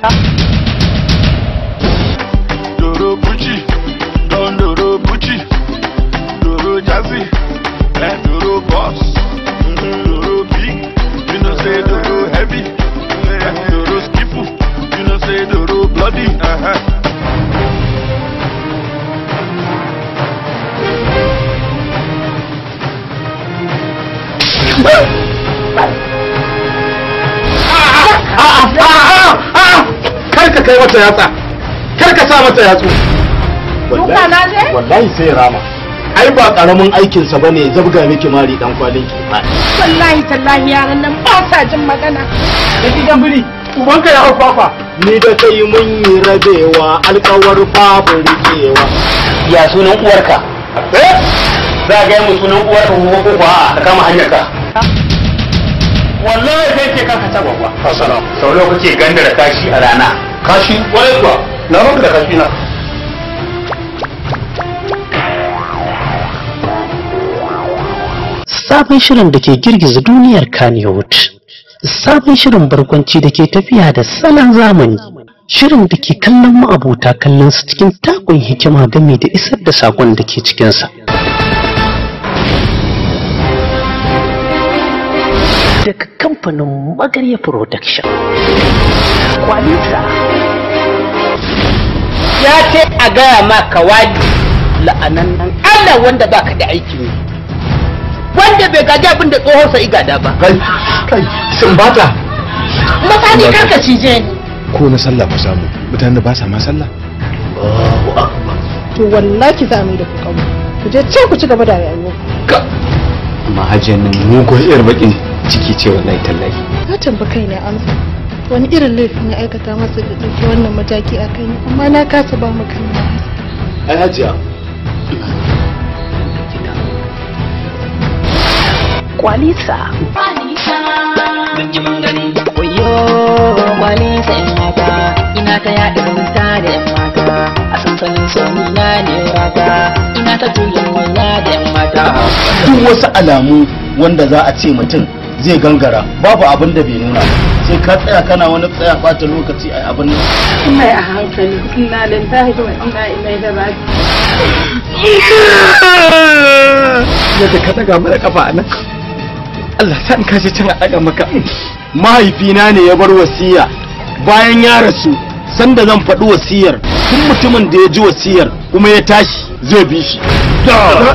啊。mata yatsa kar ka sa mata yatsu duka na je wallahi sai rama ai ba karamin aikin sa bane zabga miki mari dan kwalin ki wallahi tallahi yaran nan ba sa jin magana da gidan biri ubanka ya hauka kwa ni da kai mun yi rabewa alkawar babu rikewa ya sunan uwarka eh za ga mu sunan uwarka ko ko a ka kama hanyar ka wallahi sai ke kanka ta gwagwa sau nawa kuke gandara tashi a rana kashi kuwa na da kashi na sabon shirin da ke girgiza duniyar Kannywood, sabon shirin barkwanci da ke tafiya da salon zamani, shirin da ke kallon ma'abota kallon su cikin takon hikima game da isar da sakon da ke cikinsa. Daga kamfanin magarya production kwalita ya ce a gaya ma kawadi la'anan allah wanda baka da aiki ne wanda bai gaji abin da tsohonsa igada ba kai kai sun bata masani karka cije ni ko na sallah ba samu mutanen da ba sa ma sallah to wallahi za mu da ku kawo ku je ce ku ci gaba da rayuwa ka amma hajiyar nan mugun yar baki ciki ce wallahi tallahi na tamba kaina amsa wani irin laifi ne aikata masa da ɗauki wannan mataki a kai amma na kasa ba mu kan ai hajiya kwalisa Oyo, kwalisa yan mata ina ta yaɗa wuta da yan mata a sansanin sami na ne rata ina ta tuyin wanya da yan mata duk wasu alamu wanda za a ce mutum zai gangara babu abin da bai nuna sai ka tsaya kana wani tsaya bata lokaci a abin mai a hankali inna lillahi wa inna ilaihi raji'un yadda ka daga mana kafa nan. Allah san ka ce can a daga maka mahaifina ne ya bar wasiya bayan ya rasu sanda zan faɗi wasiyar tun mutumin da ya ji wasiyar kuma ya tashi zai bi shi da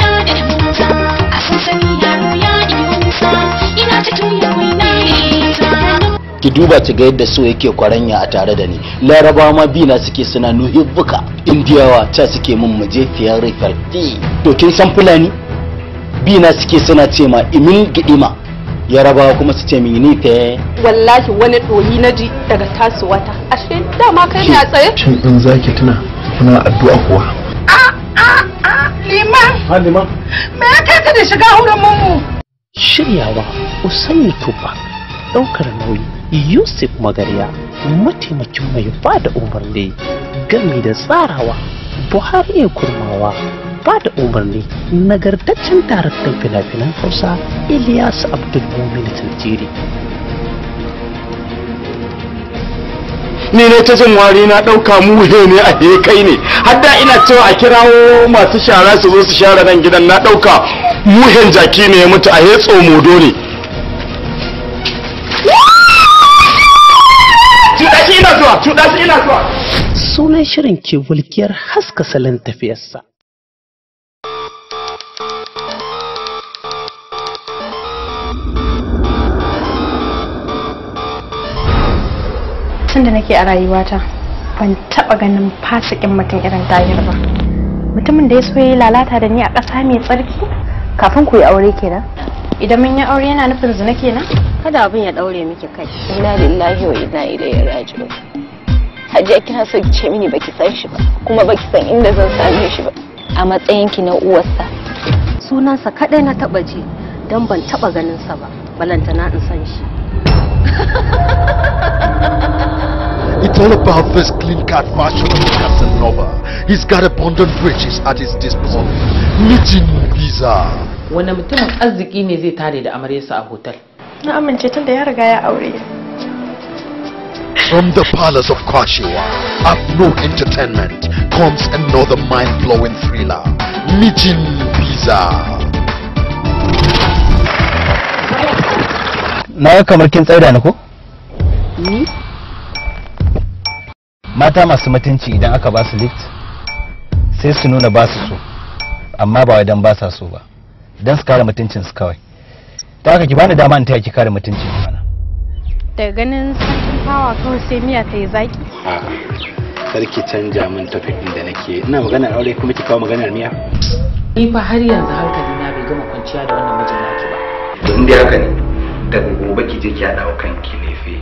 ki duba ki ga yadda so yake kwaranya a tare da ni larabawa ma na suke suna nuhibbuka indiyawa ta suke min muje fiyar rifarti to kin san fulani bina suke suna ce ma imin gidima yarabawa kuma su ce min ni ta wallahi wani doyi na ji daga tasowata ashe dama kai na tsaye shin in zaki tuna kuna addu'a kuwa a a a liman ha liman me ya kai ka da shiga hurin mu shiryawa usaini tufa ɗaukar nauyi yusuf magarya mataimakin mai ba umarni gami da tsarawa buhari ya kurmawa ba umarni nagartaccen daraktan fina-finan hausa ilyas abdulmumin tanjiri ni ne ta jin wari na ɗauka muhe ne a kai ne Har da ina cewa a kirawo masu shara su zo su share nan gidan na ɗauka muhen jaki ne ya mutu a hetso modo ne har shirin ke walkiyar haska salon tafiyarsa. Tun da nake a rayuwata ban taɓa ganin fasikin mutum irin tahir ba. Mutumin da ya so yi lalata da ni a ƙasa mai tsarki kafin ku yi aure kenan. Idan mun yi aure yana nufin zina kenan? Kada abin ya ɗaure miki kai. Ina lillahi wa ina ilaihi raji'un. hajiya kina so ki ce mini baki san shi ba kuma baki san inda zan same shi ba a matsayin ki na uwarsa sunansa kadai na taba ji dan ban taba ganin sa ba balanta na in san shi It's all about this clean-cut version of Casanova. He's got abundant riches at his disposal. Meeting visa. Wani mutumin arziki ne zai tare da amaryarsa a hotel? Na amince tun da ya riga ya aure. From the palace of Kwashiwa, no Entertainment comes another mind-blowing thriller, Mijin Pizza. Na kamar kin tsaida ni Mata masu mutunci idan aka basu su lift sai su nuna basu su so, amma ba wai dan ba sa so ba. Dan su kare su kawai. Ta haka ki bani dama in taya ki kare mutuncin mana. da ganin sarkin fawa kawai sai miya ta yi zaki sarki canja min tafi inda da nake ina maganar aure kuma ki kawo maganar miya ni fa har yanzu hankali na bai gama kwanciya da wannan mijin naki ba to in haka ne daga gobe ki je ki hada wa kanki lefe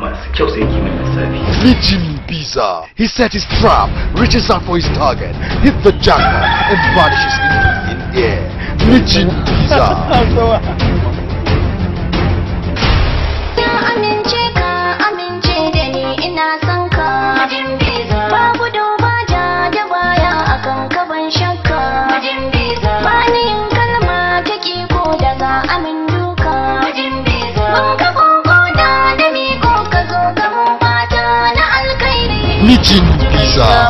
masu kyau sai ki mai lissafi mijin Biza. He set his trap, reaches out for his target, hit the jackpot, and vanishes into thin air. Mijin Biza. shall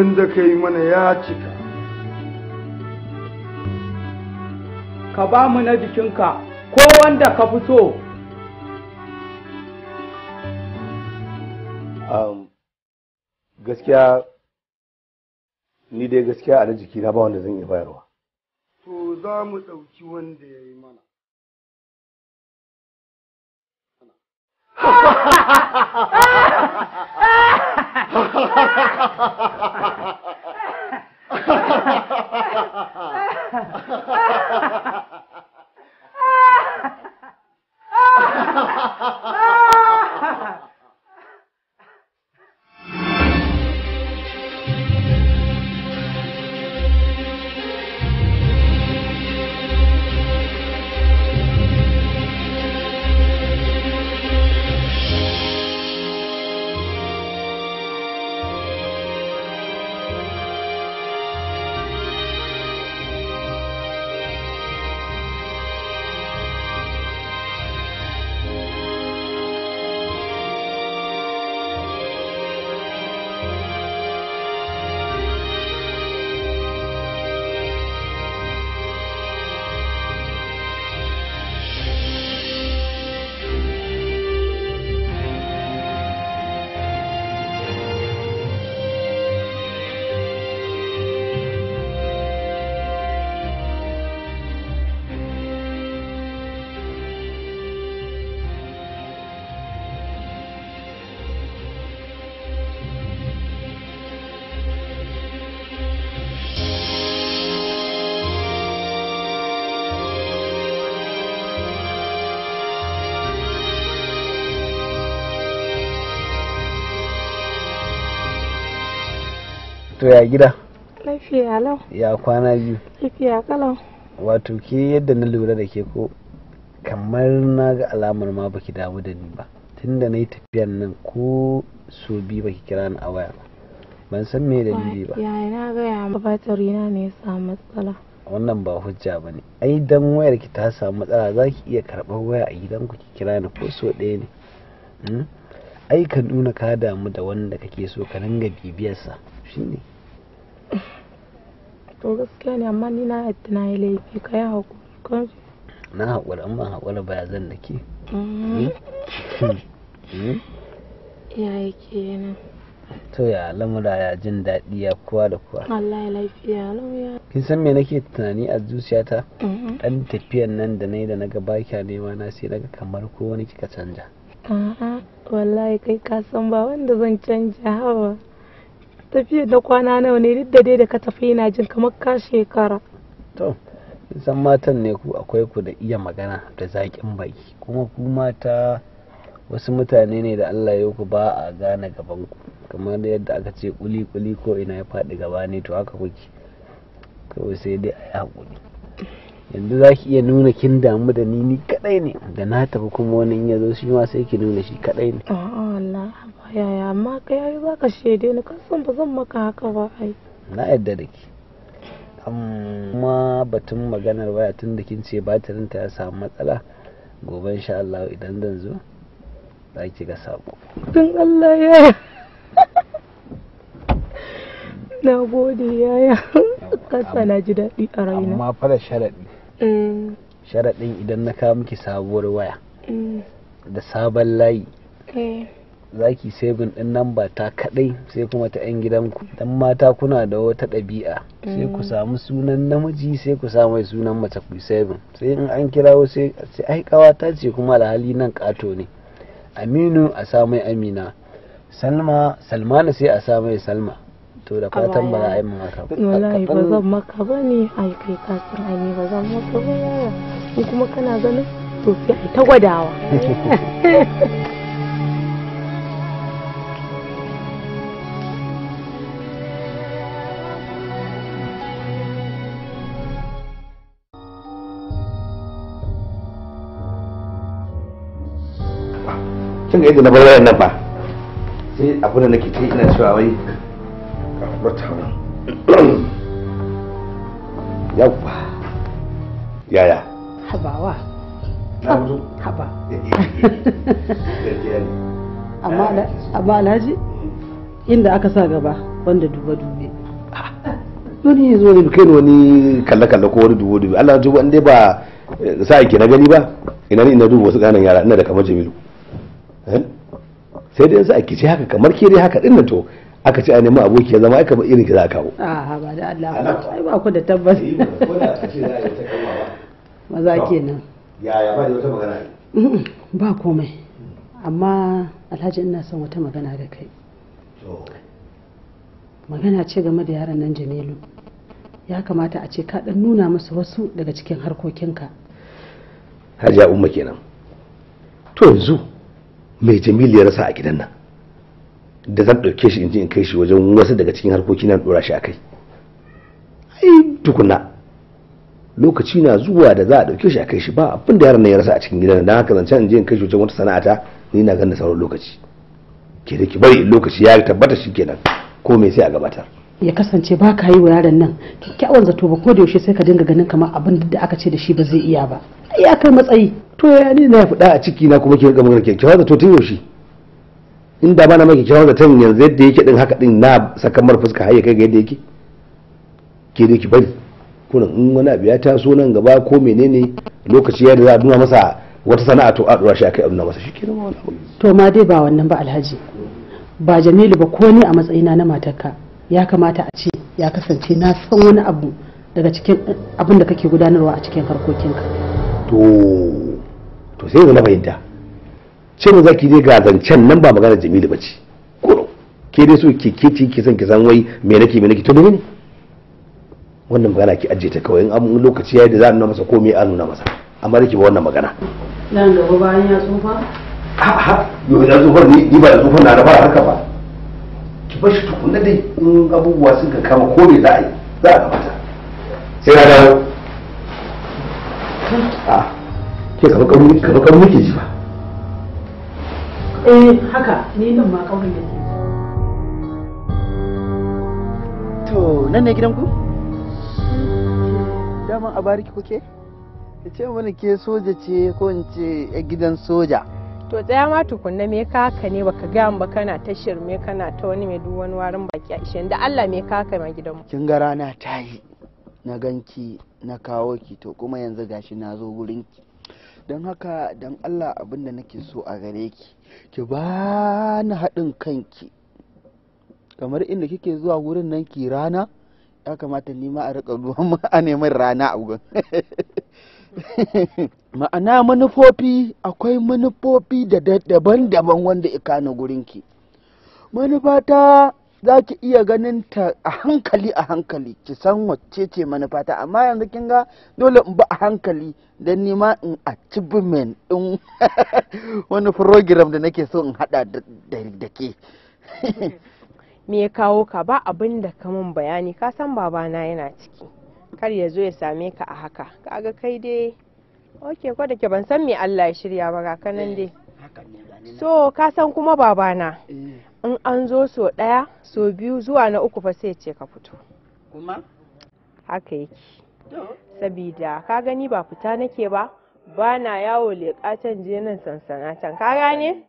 alkawarin da ka yi mana ya cika ka ba mu na jikinka ko wanda ka fito so gaskiya ni dai gaskiya a na jikina ba wanda zan iya bayarwa to za mu ɗauki wanda ya yi mana Ha ha ha ha ha! Ha ha ha ha! to ya gida lafiya lau ya kwana biyu lafiya kalau wato ke yadda na lura da ke ko kamar na ga alamar ma baki damu da ni ba tunda na yi tafiyar nan ko so bi baki kira ni a waya ba ban san me da dalili ba yaya na gaya ma batari na ne ya samu matsala wannan ba hujja ba ne ai dan wayar ki ta samu matsala za ki iya karɓar waya a gidanku ki kira ni ko so ɗaya ne hmm? ai ka nuna ka damu da wanda kake so ka ringa bibiyarsa shine to gaskiya ne amma ni na yadda na yi laifi ka yi haƙuri kan na haƙuri amma haƙuri ba zan da ke mm. hmm? hmm? ya yi ke yana to ya lamura ya jin daɗi ya kuwa da kuwa Allah wallahi lafiya lauya kin san me nake tunani a zuciyata dan mm-hmm. tafiyan nan da nayi da na naga baki nema na sai daga kamar ko wani kika canja a'a wallahi kai ka san ba wanda zan canja hawa tafiya da kwana nawa ne duk da dai da ka tafi yana jin kamar ka shekara to zan matan ne ku akwai ku da iya magana da zaƙin baki kuma ku mata wasu mutane ne da Allah ya ku ba a gane gaban ku kamar yadda aka ce kuli kuli ko ina ya faɗi gaba ne to haka kuke kawai sai dai a yi haƙuri yanzu za ki iya nuna kin damu da ni ni kadai ne da na tafi kuma wani ya zo shi ma sai ki nuna shi kadai ne yaya amma za ka ni zan maka haka ba ai na yadda da ki amma batun maganar waya tun da kin ce batirin ta ya samu matsala gobe insha Allah idan zan zo za ki ga sako tun Allah ya na gode yaya kasa na ji daɗi a raina amma fara sharaɗi sharaɗin idan na kawo miki sabuwar waya mm. da sabon layi za ki sabin ɗin namba ta kaɗai sai kuma ta 'yan gidanku dan mata kuna da wata ɗabi'a sai ku mm. samu sunan namiji sai ku samu sunan mace ku sabin sai in an wasu sai ai ta ce kuma alhali nan ƙato ne aminu a samai amina salma salmana sai a samai salma to da fatan ba za a yi mun haka wallahi ba zan maka ba ne ai kai ka san ai ba zan maka ba ni kuma kana ganin to sai ai ta gwadawa Cin ga yadda na bar wayan nan ba sai abin da nake ce ina cewa wai Murtala. Yawwa. Yaya? Habawa. Haba. Amma alhaji mm. inda aka sa gaba wanda duba dube. Ah. Wani zo ne kai wani kalle-kalle ko wani dubo dube. Allah dubo an ba eh, sa ke na gani ba. Ina ne ina duba wasu ƙanan yara ina da kamar Jamilu. Eh? Sai dai yanzu a kici haka kamar kere haka ɗin to aka ce a nemi aboki ya zama aka ba irin ki za kawo a'a ba da Allah ai ba ku da tabbas maza kenan ya ba da wata magana ba komai amma alhaji ina son wata magana da kai magana ce game da yaran nan jamilu ya kamata a ce ka dan nuna musu wasu daga cikin harkokinka hajiya umma kenan to yanzu mai jamilu ya rasa a gidan nan da zan ɗauke shi in ji in kai shi wajen wasu daga cikin harkoki na ɗora shi a kai ai tukuna lokaci na zuwa da za a ɗauke shi a kai shi ba abin da yaran nan ya rasa a cikin gidan dan haka zance in je in kai shi wajen wata sana'ata ni na ganin sauran lokaci ke da ki bari lokaci ya tabbata shi kenan ko me sai a gabatar ya kasance ba ka yi wa yaron nan kyakkyawan zato ba ko da yaushe sai ka dinga ganin kamar abin da aka ce da shi ba zai iya ba ai kai matsayi to ya ni na fada a ciki na kuma ke ga magana kyakkyawan zato tun yaushe inda ba na maki da zaton yanzu yadda yake din haka din na sakamar fuska har ya kai ga yadda yake ke da ki bari kuna in wani abu ya taso nan gaba ko menene lokaci ya da za a nuna masa wata sana'a to a dora shi akai abuna masa shikenan wani abu to ma dai ba wannan ba alhaji ba Jamilu ba ko ni a matsayina na matarka ya kamata a ce ya kasance na san wani abu daga cikin abin da kake gudanarwa a cikin harkokinka to to sai na fahimta ce mu zaki dai ga zancen nan ba magana jamilu ba ce kuro ke dai so ke ke ci ke san ke san wai me nake me nake to ne wannan magana ki ajiye ta kawai in an lokaci yayi da za a nuna masa ko me a nuna masa amma da ke ba wannan magana nan gaba bayan ya tsufa a'a yo da tsufa ni ni ba da tsufa na da ba haka ba ki ba shi tukunna dai in abubuwa sun kama ko me za a yi za a gabata sai na dawo a ke kaba karu ke ji ba eh haka ni nan ma kauyen yake to nan ne gidanku Dama a bariki kuke ya ce mana ke soja ce ko in ce gidan soja to tsaya ma tukunna me kaka ne baka ga ba kana ta shirme kana ta wani mai duk wani warin baki a ishe da Allah me kaka ma gidanmu kin ga rana ta yi na ganki na kawo ki to kuma yanzu gashi na zo gurin ki don haka don Allah abin da nake so a gare ki ki ba ni haɗin kanki kamar inda kike zuwa wurin nan ki rana ya kamata ni ma a riƙa ruwan a neman rana a wurin ma'ana manufofi akwai manufofi da daban-daban wanda ikana gurinki manufata za ki iya ganin ta a hankali a hankali ki san wacce ce manufata amma yanzu kin ga dole in ba a hankali don nima in achievement din wani program da nake so in hada da ke me ya kawo ka ba abin da ka mun bayani ka san babana yana ciki kar ya zo ya same ka a haka kaga kai dai ok ko da ke ban san me Allah ya shirya ba ga kanan eh, dai so ka san kuma babana eh. in an zo so ɗaya so biyu zuwa na uku fa sai ce ka fito kuma haka yake sabida ka gani ba fita nake ba ba na yawo leƙa can je nan sansana can ka gane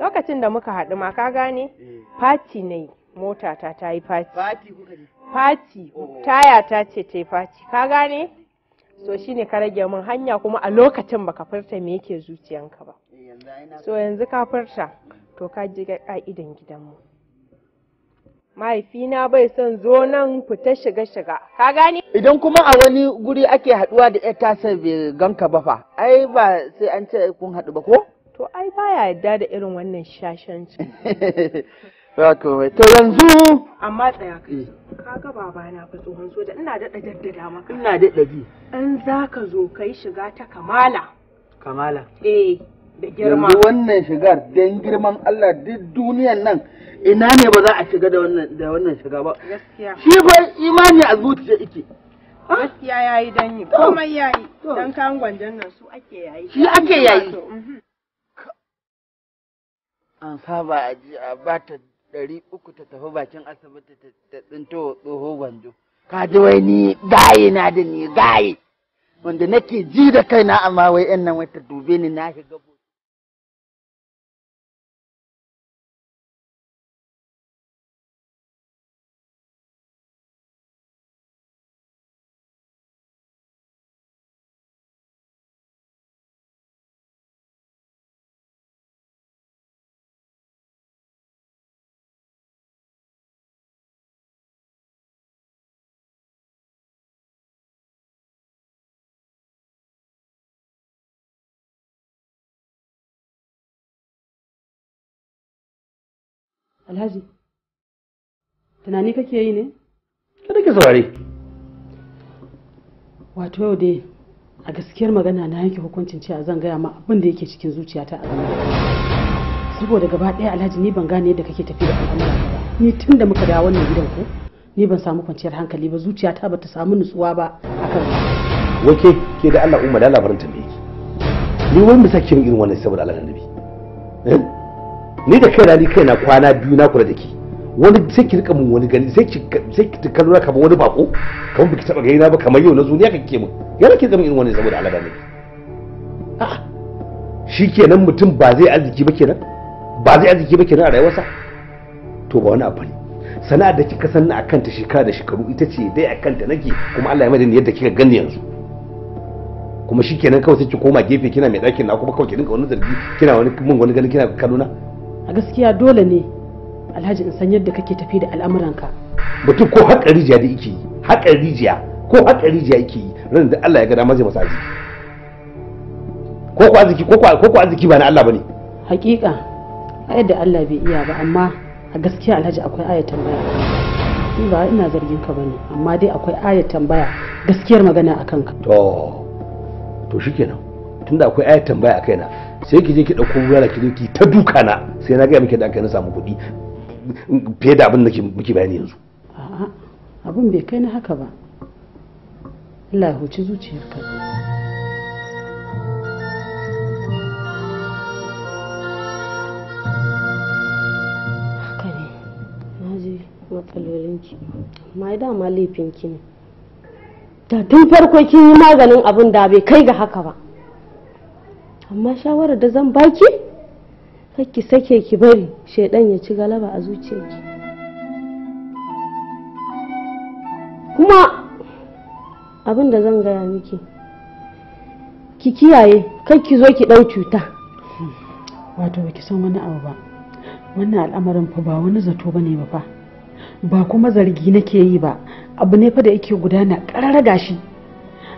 lokacin da muka haɗu ma ka gane eh. fati na yi mota ta ta yi fati fati oh. taya ta ce ta yi fati ka gane so shine ka rage min hanya kuma a lokacin baka furta me yake zuciyanka ba eh, so yanzu ka furta mm. to ka ji ka'idan gidanmu mahaifina bai son zo nan fita shiga shiga ka gane idan kuma a wani guri ake haduwa da yar tasar bai ganka ba fa ai ba sai an ce kun haɗu ba ko to ai baya yadda da irin wannan shashanci Wato to yanzu amma tsaya kai kaga babana fi tsohon soja ina daɗa jaddada maka ina daɗa bi in ka zo kai shiga ta kamala kamala eh yanzu wannan shigar don girman Allah duk duniyan nan ina ne ba za a shiga da wannan da wannan shiga ba shi fa imani a zuciya yake gaskiya yayi dan yi komai yayi dan kan gwanjan nan su ake yayi shi ake yayi mhm. an saba a ji a bata ɗari uku ta tafi bakin asibiti ta tsinto tsoho gwanjo ka ji wai ni gaye na da ni gaye wanda nake ji da kaina amma wai yan nan wata dube ni na shiga Alhaji, tunani kake yi ne? Ka da ke saurari. Wato yau dai a gaskiyar magana na yanke hukuncin cewa zan gaya ma abin da yake cikin zuciyata a gaba. Saboda gaba ɗaya Alhaji ni ban gane yadda kake tafi da al'amura ba. Ni tun da muka dawo wannan gidan ko ni ban samu kwanciyar hankali ba zuciyata ba ta samu nutsuwa ba kan ba. Wake ke da Allah umma da labarin tambaye ki. Ni wani da sake irin wannan saboda Allah annabi. Eh? ni da kaina ni kaina kwana biyu na kula da ke wani sai ki rika mun wani gani sai ki sai ki kallo wani bako kamar biki taba gani na ba kamar yau na zo ne aka ke mun ya nake zama irin wani saboda alada ne a'a shikenan mutum ba zai arziki ba kenan ba zai arziki ba kenan a rayuwarsa to ba wani abu ne Sana'a da kika sanna a kanta shekara da shekaru ita ce dai a kanta nake kuma Allah ya mai da ni yadda kika gani yanzu kuma shikenan kawai sai ki koma gefe kina mai ɗakin na kuma kawai ki dinga wani zargi kina wani mun wani gani kina kaduna a gaskiya dole ne alhaji in san yadda kake tafi da al'amuranka mutum ko haƙa rijiya da yake yi haƙa rijiya ko haƙa rijiya yake yi ran da Allah ya ga dama zai masa arziki ko ko aziki ko ko ko aziki ba na Allah bane haƙiƙa a yadda Allah bai iya ba amma a gaskiya alhaji akwai ayat tambaya ni ba ina zargin ka bane amma dai akwai ayat tambaya gaskiyar magana akan ka to to shikenan tunda akwai ayat tambaya a kaina sai ki je ki dauko wurare ki zo ta duka na sai na ga miki da kai na samu kuɗi fiye da abin da muke bayani yanzu a'a abin bai kai na haka ba Allah ya huci zuciyarka haka ne na ji matsalolinki amma dama laifinki ne da tun farko kin yi maganin abin da bai kai ga haka ba amma shawarar da zan baki ki sake ki bari shaidan ya ci galaba a zuciyarki kuma abin da zan gaya miki ki kiyaye kai ki zo ki ɗau cuta wato ki san wani abu ba wannan al'amarin fa ba wani zato bane ba fa ba kuma zargi nake yi ba abu ne fa da yake gudana ƙararraga shi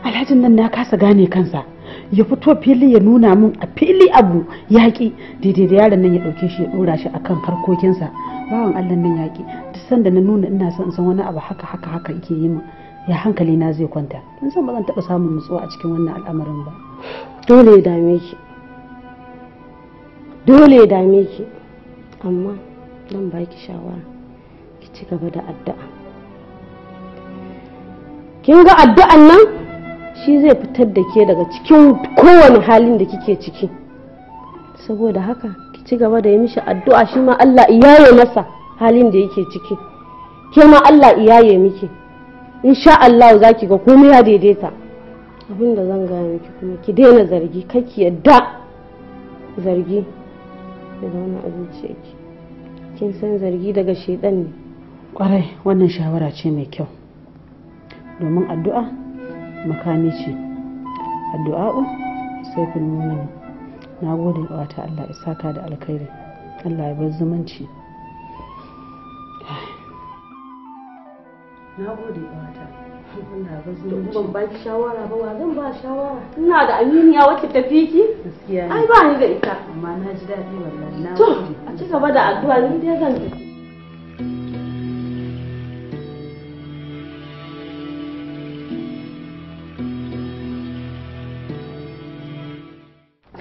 alhajin nan na kasa gane kansa ya fito fili ya nuna min a fili abu yaƙi daidai da yaron nan ya ɗauke shi ya ɗora shi a kan harkokinsa bawan allah nan yaƙi duk sanda na nuna ina son san wani abu haka haka haka yake yi min ya hankali na zai kwanta in san ba zan taɓa samun nutsuwa a cikin wannan al'amarin ba dole ya dame ki dole ya dame ki amma zan ki shawara ki ci gaba da addu'a kin ga addu'an nan shi zai fitar da ke daga cikin kowane halin da kike ciki saboda haka ki ci gaba da yi mishi addu'a shi ma Allah iyaye masa halin da yake ciki ke ma Allah iyaye miki insha Allah za ki ga komai ya daidaita abin da zan gaya miki kuma ki daina zargi kaki yadda zargi da zauna a zuciyarki kin san zargi daga shaidan ne kwarai wannan shawara ce mai kyau domin addu'a makamici addu'a'u sai saifin mumin na gode wata Allah ya saka da alkhairi Allah ya bar zumunci na gode wata ban ba ki shawara ba wa zan ba shawara ina da aminiya wacce ta fi ki ai ba ni da ita amma na ji wallahi na to a ci gaba da addu'a ni dai zan ji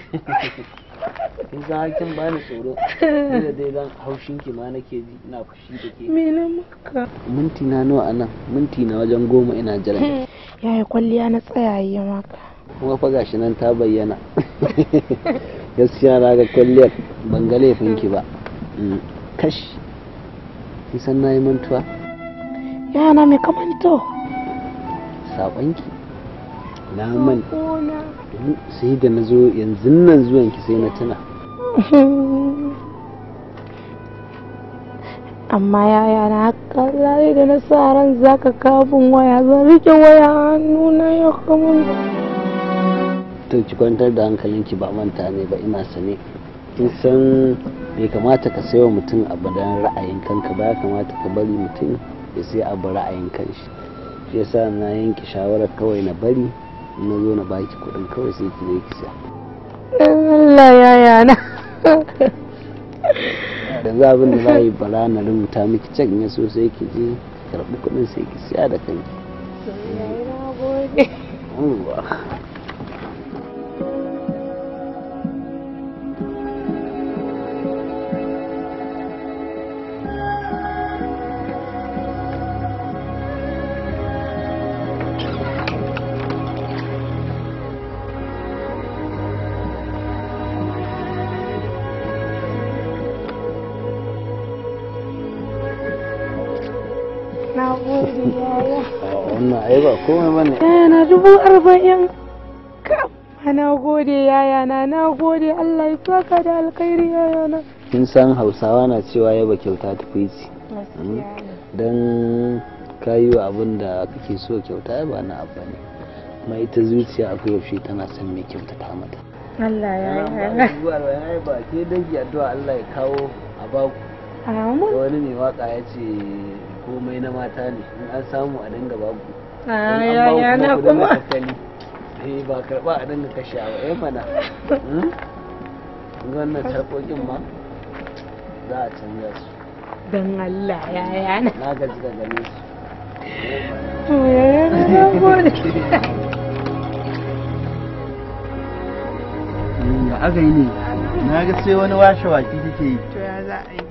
kin san hakin ba ni tsoro da dai zan haushin ki ma nake ji ina fushi da ke me maka minti na nawa anan minti na wajen goma ina jira hmm. yaya kwalliya na tsayaye maka kuma fa gashi nan ta bayyana gaskiya na ga kwalliyar ban ga laifin ki ba hmm. kash kin san nayi mantuwa yana mai kamanto Sabonki na manta sai da na zo yanzu nan zuwan ki sai na tuna amma yaya na kallare da na sa ran zaka kafin waya zan rike waya hannu na ya kuma to ki kwantar da hankalinki ba manta ne ba ina sane kin san bai kamata ka sayo mutum abu don ra'ayin kanka ba ya kamata ka bari mutum ya sai abu ra'ayin kanshi shi yasa na yanke shawarar kawai na bari na zo na baki kuɗin kawai sai ki zai ki siya Allah ya yana da za abin da zai bala na rubuta miki cek ne so sai ki je karɓi kuɗin sai ki siya da kanki wannan ai ba komai bane yana dubu arba'in na gode yaya na na gode Allah ya saka da alkhairi yaya na kin san Hausawa na cewa yaba kyauta ta fici hmm? dan kayi wa abin da kake so kyauta ba na abu ne kuma ita zuciya akwai yaushe tana son mai kyauta ta mata Allah ya yi ba ke dangi addu'a Allah ya kawo a baku wani mai waka ya ce komai na mata ne in an samu a dinga babu ah, ya na kuma eh, ba karba a dinga kashe a eh mana hmm? wannan ma za a canza su don Allah ya yana na gaji da gane su yi ne na ga sai wani washe waki kike yi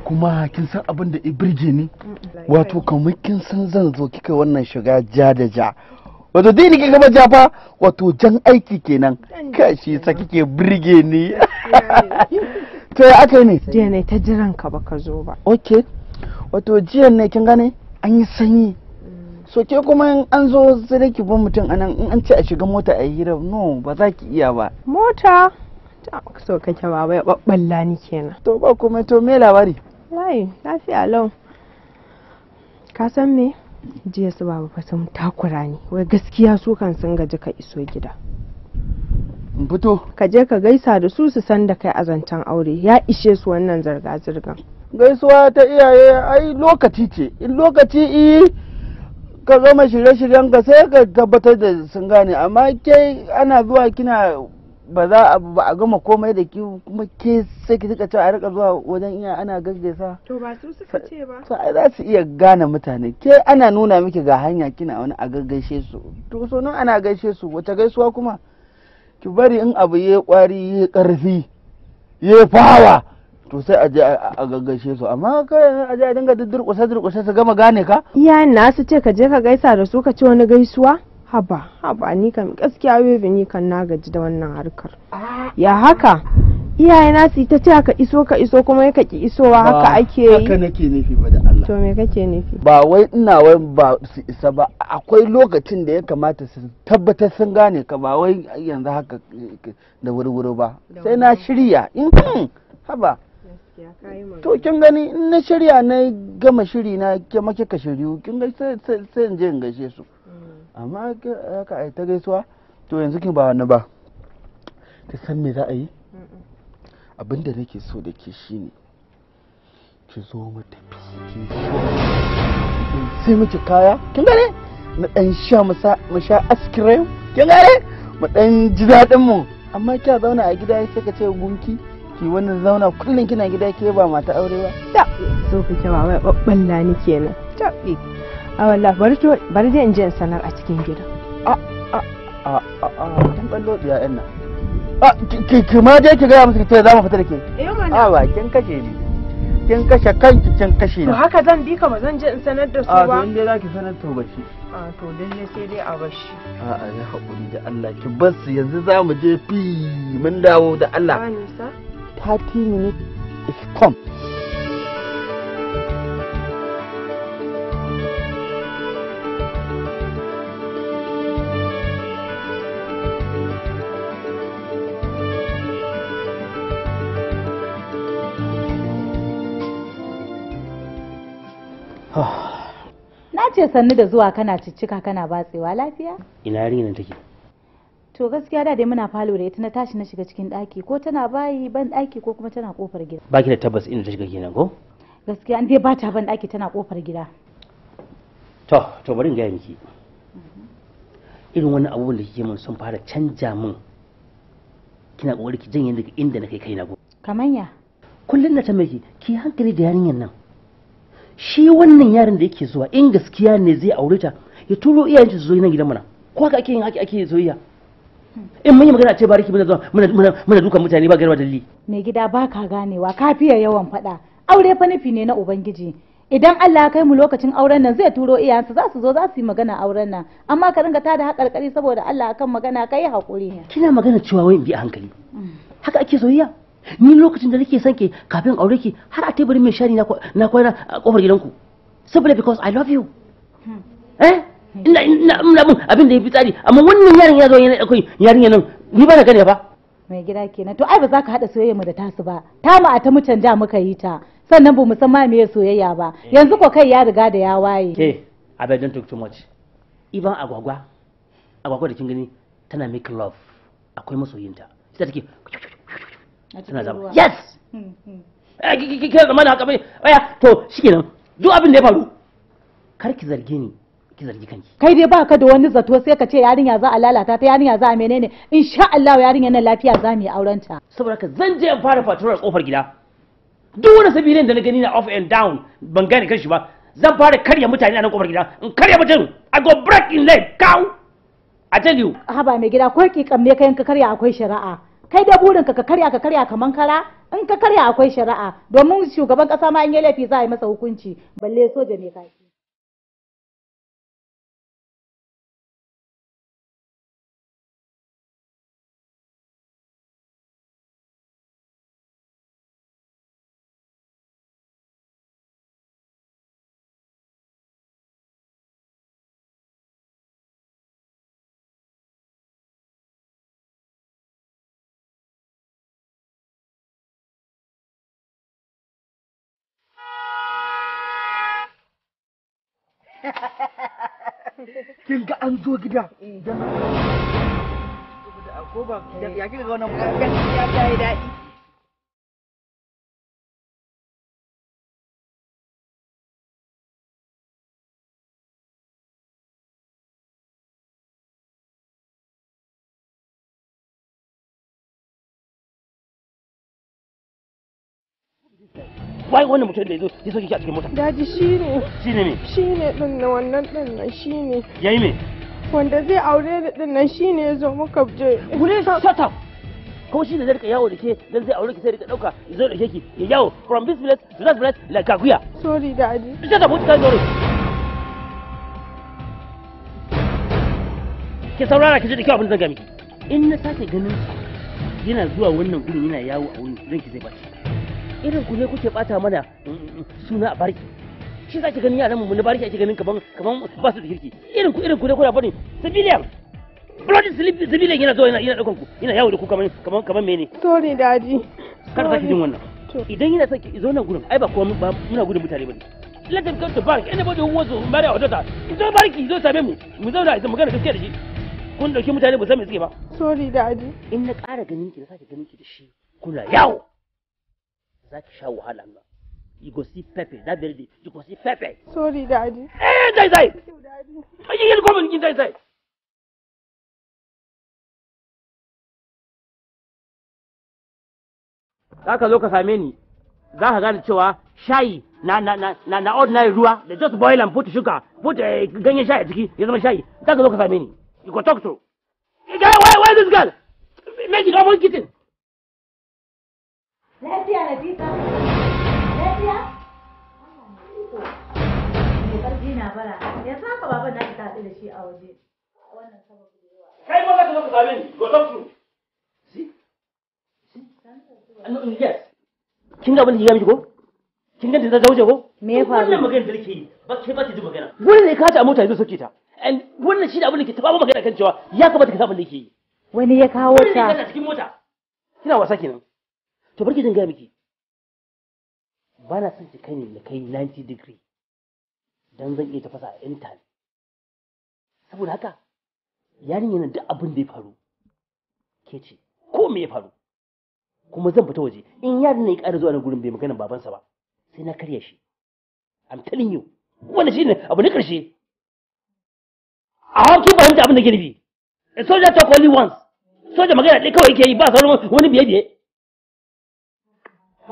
kuma kin san abin da ibirge ne mm, mm, wato kamar kin san zan zo kika wannan shiga ja da ja wato dai ni kika ja fa wato jan aiki kenan kashi sa kike birge ni to ya aka yi ne jiya ne ta jiran ka baka zo ba ok wato jiya ne kin gane an yi sanyi mm. so ke kuma an zo sai da ki bin mutum anan in an ce a shiga mota a yi hira no ba za ki iya ba mota so kake baba ya babballa ni kenan to ba kuma to me labari lai lafiya lau ka san me jiya su baba fa sun takura ni wai gaskiya su kan sun gaji ka iso gida in fito ka je ka gaisa da su su san da kai a zancen aure ya ishe su wannan zirga zirgan gaisuwa ta iyaye ai lokaci ce in lokaci i ka zo mai shirye-shiryen ka sai ka tabbatar da sun gane amma kai ana zuwa kina ba za a ba a gama komai da ki kuma ke sai ki rika cewa a rika zuwa wajen iya ana gaggaisa to ba su suka ce ba sai za su iya gane mutane ke ana nuna miki ga hanya kina wani a gaggaishe su to so nan ana gaishe su wata gaisuwa kuma ki bari in abu ya kwari ya karfi ya fawa to sai a je a gaggaishe su amma kai a je a dinga durƙusa durƙusa su gama gane ka iyayen na su ce ka je ka gaisa da su ka ci wani gaisuwa haba haba ni kam gaskiya bebe ni kan na gaji da wannan harkar ya haka iyaye na su ta ce ka iso ka iso kuma ka ki isowa haka ake yi haka nake nufi ba da Allah to me kake nufi ba wai ina wai ba su isa ba akwai lokacin da ya kamata su tabbatar sun gane ka ba wai yanzu haka da wurwuro ba sai na shirya in hmm, haba to kin gani in na shirya na gama shiri na ke make ka shiryu kin ga sai in je in gaishe su amma ka ai ta gaisuwa to yanzu kin ba wani ba ka san me za a yi abin da nake so da ke shine ki zo mu tafi ki sai muke kaya kin gane na dan sha mu sha askirim kin gane mu dan ji daɗin mu amma kya zauna a gida sai ka ce gunki ki wani zauna kullum kina gida ke ba mata aure ba da so ki ba wai babballa ni kenan tabi a wallah bari dai in je in sanar a cikin gida a a a a a kin ballo tsiyayen nan a ki ma dai ki gaya musu ki ce za mu fita da ke a ba kin kashe ni kin kashe kanki kin kashe ni to haka zan bi ka ba zan je in sanar da su ba a to in dai zaki sanar to bashi a to dan ne sai dai a bashi a a ya hakuri da Allah ki bar su yanzu za mu je fi mun dawo da Allah 30 minutes is come na ce sannu da zuwa kana ciccika kana batsewa lafiya ina yarinyar take to gaskiya da dai muna falo da ita na tashi na shiga cikin ɗaki, ko tana bayi ban ɗaki, ko kuma tana kofar gida Ba ki da tabbas inda ta shiga kenan ko gaskiya an dai ba ta ban ɗaki tana kofar gida to to bari in gaya miki irin wannan abubuwan da kike mun sun fara canja mun kina kokari ki janye daga inda na kai kaina go kamanya kullun na ta miki ki hankali da yarinyar nan shi wannan yaron da yake zuwa in gaskiya ne zai aure ta ya turo iyayen su zo nan gidan mana ko haka ake yin haka ake zoyya in mun yi magana ce bariki muna zuwa muna dukan mutane ba garba dalili mai gida ba ka ganewa ka fiye yawan faɗa aure fa nufi ne na ubangiji idan Allah ya kai mu lokacin auren nan zai turo su za su zo za su yi magana auren nan amma ka ringa tada haƙarƙari saboda Allah akan magana kai haƙuri kina magana cewa wai bi hankali mm. haka ake soyayya ni lokacin da nake son ke kafin aure ki har a teburin mai shari na kwana a kofar gidanku saboda because i love you hmm. eh ina ina ina mun abin da yafi tsari amma wannan yarin ya zo yana akwai yarin nan ni ba na gane ba mai gida kenan to ai ba za ka hada soyayya mu da tasu ba ta mu a ta mutan da muka yi ta sannan ba mu san ma me soyayya ba eh. yanzu ko kai ya riga da ya waye ke abai don talk too much iban agwagwa agwagwa da kin gani tana make love akwai masoyinta sai take tana zama yes hmm, hmm. eh, kike zama da haka bai aya to shikenan duk abin da ya faru kar ki zarge ni ki zargi kanki kai dai baka da wani zato sai ka ce yarinya za a lalata ta yarinya za a menene insha Allah yarinya nan lafiya za mu yi auren ta saboda ka zan je in fara faturar kofar gida duk wani sabilin da na gani na off and down ban gane kanshi ba zan fara karya mutane a nan kofar gida in karya mutum i go break in leg cow i tell you haba mai gida ko ki kamme ka ka karya akwai shari'a kai da burinka ka karya ka karya kaman kara in ka karya akwai shari'a domin shugaban kasa ma in yi laifi za a yi masa hukunci balle soja mai kaki zo gida eh. eh. ya daɗi wai wannan mutum da ya zo ya soke shi a cikin mota daji ne shine Shi ne ɗin na wannan ɗin na shine yayi me wanda zai aure da din nan ne ya zo muka je gure sata ko ne zai rika yawo da ke dan zai aure ki sai rika dauka zo da ke ki ya yawo from this village to that village like kakuya sorry daddy ita da mutu kai zoro ki saurara ki ji da kyau abin zan ga miki in na sake ganin yana zuwa wannan gurin yana yawo a wani ranki zai bace irin ku ne kuke bata mana mm, mm, suna a barki shi zaki ganin yaran mu na bariki ake ganin kaman kaman ba su da kirki irin ku irin ku ne kuna bari civilian bloody civilian yana zuwa yana yana daukan ku yana yawo da ku kaman kaman kaman mene sorry daddy kar saki jin wannan idan yana saki izo nan gurin ai ba kuma muna gudun mutane bane let them come to bank anybody who wants to marry our daughter zo bariki izo same mu mu zauna mu magana gaskiya da shi kun dauki mutane ba san me suke ba sorry daddy in na ƙara ganin ki na saki ganin ki da shi kuna yawo zaki sha wahala Allah you go see Pepe that very day you go see Pepe. sorry daddy. eh zai zai. ayi yi gwamnati kin zai zai. za ka zo ka same ni za ka gane cewa shayi na na na na ordinary rua. They just boil and put sugar put eh, ganyen shayi a ciki ya zama shayi za ka zo ka same ni you go talk to Hey, guy why why this girl make she come on kitchen lafiya na lafiya? Mai ƙarfi na bara, yanzu haka baban na ta haɗu da shi a waje. Wannan sababu da yawa. Kai ma ka zo ka same ni, go talk to. Uh, yes. Kin ga abin da ya miki ko? Kin da ta wuce ko? Me ya faru? Wannan magana da nake yi, ba ke ba ki ji magana. Wannan ne ka ta mota yanzu sauke ta. Wannan shi da abin da ke taɓa magana kan cewa ya kamata ka sa abin da yake yi. Wani ya kawo ta. Wani ne ka cikin mota. Kina wasa kenan. To barki jin gaya miki. ba na son ki kai ni kai 90 degree don zan iya tafasa a intan saboda haka yarin yana duk abin da ya faru ke ce ko me ya faru kuma zan fita waje in yarin na ya ƙara zuwa na gurin bai magana babansa ba sai na karya shi I'm telling you wannan shine abu na karshe a hankali fahimta abin da ke nufi a soldier talk only soja magana ɗaya kawai ke yi ba sauran wani biye-biye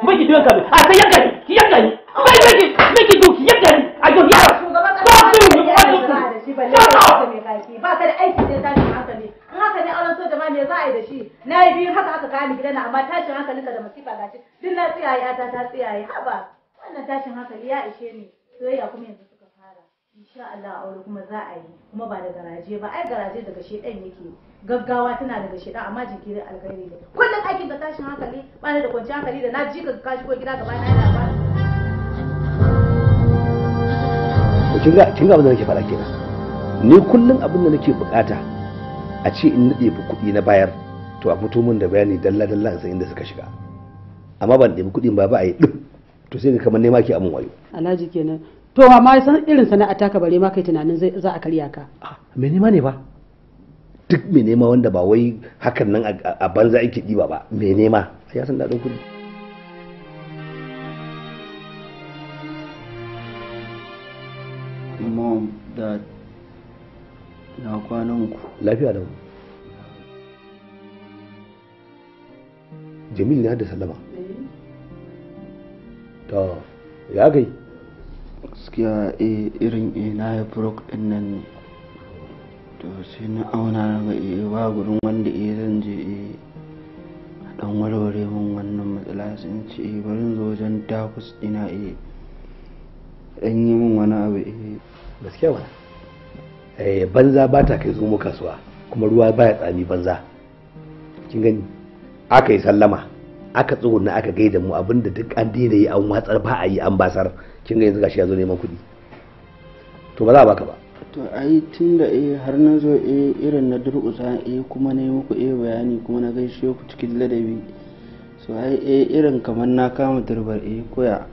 miki don kabe a sai yanka ki yanka ki bai miki miki duk yanka ki a yau ya ko su ne ko su ba ka da aiki ne tashin hankali in haka ne auren soja ma me za a yi da shi na yi biyu haka aka kawo ni gidana amma tashin hankali hankalinka da masifa gashi duk na tsiyaye ta ta tsiyaye haba wannan tashin hankali ya ishe ni soyayya kuma yanzu insha Allah aure kuma za a yi kuma ba da garaje ba ai garaje daga shedan yake gaggawa tana daga shedan amma jinkiri alkhairi ne kullum aikin da tashin hankali bani da kwanciyar hankali da na ji ka ka shigo gida gaba na yana ba kin ga kin ga abin da nake faɗa kenan ni kullum abin da nake bukata a ce in nade bi kuɗi na bayar to a fito min da bayani dalla dalla in san inda suka shiga amma ban ɗebi kuɗin ba ba a yi to sai ga kamar nema ke amin wayo alhaji kenan to amma san irin sana'a taka bare ma kai tunanin za a karya ka ah, me nema ne ba duk me nema wanda ba wai hakan nan a banza ake diba ba me nema ya san dadin kudi mom da na kwanan ku lafiya da jamil ne hada salama eh. to ya gai gaskiya eh irin eh na yi brok din nan ne to sai na auna ga eh ba gurin wanda eh zan je eh, a dan warware min wannan matsala sun ce eh bari zo wajen takus ina eh dan yi min wani abu eh gaskiya ba eh banza ba ta kai zumu kasuwa kuma ruwa baya tsami banza kin gani aka yi sallama aka tsohon aka gaida mu abinda duk an daina yi an watsar ba a yi an basar kin ga yanzu gashi ya zo neman kuɗi to ba za a baka ba to ai tun da eh har na zo eh irin na durƙusa eh kuma na yi muku eh bayani kuma na gaishe ku cikin ladabi so ai eh irin kamar na kama durbar eh koya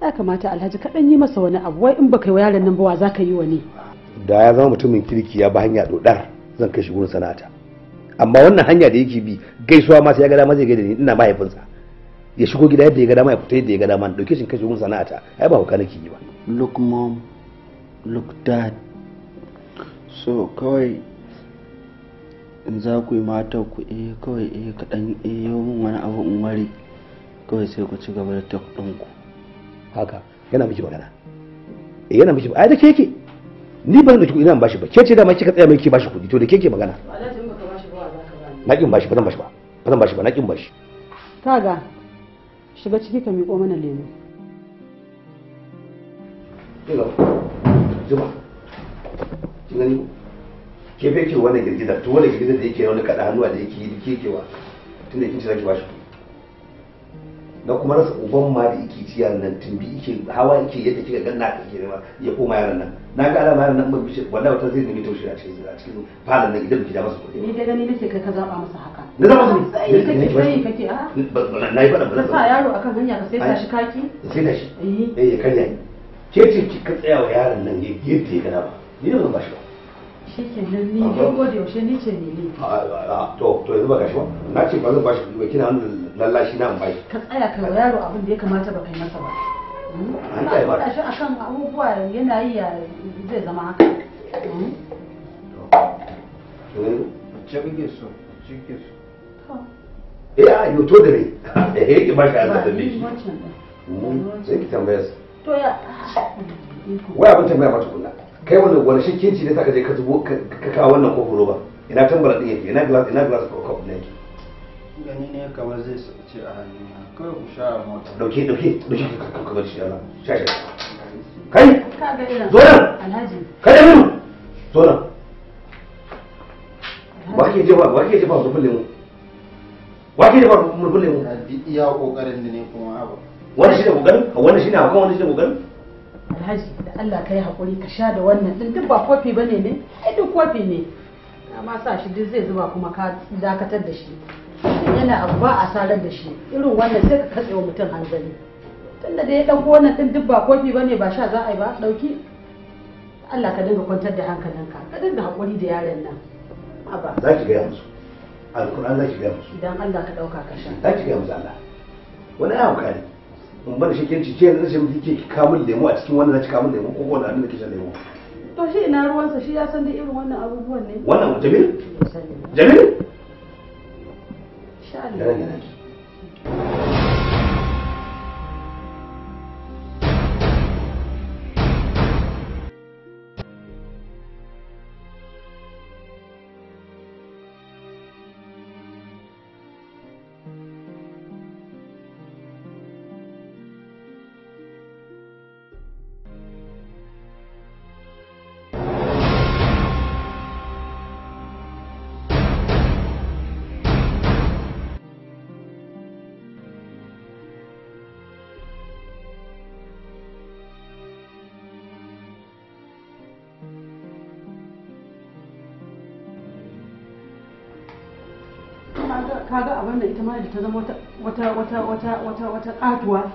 ya kamata alhaji kaɗan yi masa wani abu wai in baka yi wa yaron nan ba wa za yi wa ne da ya zama mutumin kirki ya ba hanya dodar zan kai shi gurin sana'ata amma wannan hanya da yake bi gaisuwa ma sai ya ga dama zai gaida ni ina mahaifinsa ya shigo gida yadda ya ga dama ya fita yadda ya ga dama na dauke shi kashe gun sana'ata ai ba hauka nake yi ba look mom look dad so kawai in za ku yi mata ku eh kawai eh kaɗan eh yau wani abu in ware kawai sai ku ci gaba da tok ku. haka yana miki magana eh yana miki ai da keke ni ban da kuɗi nan bashi ba ke ce dama kika tsaya mai bashi kuɗi to da keke magana na kin bashi ba zan bashi ba ba zan bashi ba na kin bashi ga shiga ciki ka miƙo mana lemu zuba kin gani ke fa ke wannan girgizar to wannan girgizar da yake wani kada hannuwa da yake yi da kekewa tunda kin ce zaki ba shi na kuma rasa uban ma da yake ciya nan tumbi yake hawa yake yadda kika ganna ka ke nema ya koma yaran nan na ga alama yaran nan ban bishi wallahi wata zai nemi taushe a cikin a cikin falon nan idan kija masa kuɗi ni da gani nake kai ka zaba masa haka na zaba ne sai eh, kake eh, sai kake ah. a na yi faɗa ba sa yaro akan hanya ka sai ta shi kaki sai ta shi eh. eh ya karya ni ce ce ki ka tsaya wa yaran nan yadda ya gana ba ni da ban bashi ba shi ke nan ni ko da yaushe ni ce ne to to yanzu ba gashi ba na ce ba zan ba kina hannun lallashi na bai ka tsaya ka yaro abin da ya kamata ba kai masa ba hmm? an tsaya ba shi akan abubuwa yana yi ya zai zama haka hmm? ce so so eh a yi to da ne eh hmm, ki bashi azza da ne wai abin tambaya ba tukunna kai wanda wani shi kinci ne saka je ka zubo ka kawo wannan kofuro ba ina tambara din yake ina glass ina glass ko cup ne yake gani ne kamar zai sace a hannuna kawai ku sha mota dauke dauke dauke ka bar shi Allah sha sha kai ka ga ina zo nan alhaji kai mu zo nan je ba ke je ba ku bulle mu lemu je ba ku bulle mu iya kokarin da ne kuma abu wani shi da kokarin wani shi ne akwai wani shi da kokarin alhaji da Allah ka yi haƙuri ka sha da wannan din duk ba kofi ba ne ne ai duk kofi ne amma sa shi duk zai zuba kuma ka dakatar da shi yana abu ba a sarar da shi irin wannan sai ka katse wa mutum hanzari tunda da ya ɗauko wannan din duk ba kofi ba ne ba sha za a yi ba ɗauki Allah ka dinga kwantar da hankalinka ka dinga haƙuri da yaron nan Aba. za ki gaya musu alkur'an za ki gaya musu idan Allah ka ɗauka ka sha za ki gaya musu Allah wani hau kare in bar shi kinci ce yanzu sai kike kamun lemu a cikin wannan zaki kamun lemu ko ko da abin da kike lemu to shi ina ruwan sa shi ya san dai irin wannan abubuwan ne wannan jamil jamil sha Allah da ta zama wata wata wata wata wata katuwa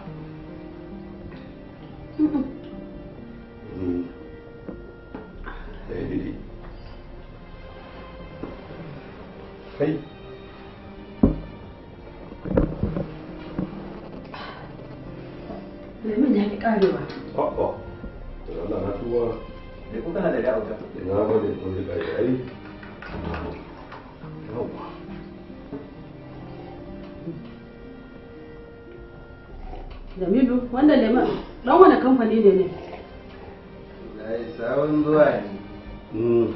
kai Lemin ya fi karewa. A'a, da na tuwa. Da kuka na da dawo ta. Ina ba da kuma da kare Jamilu, wannan lemon ɗan wani kamfani ne ne? Lai sabon zuwa ne. Hmm.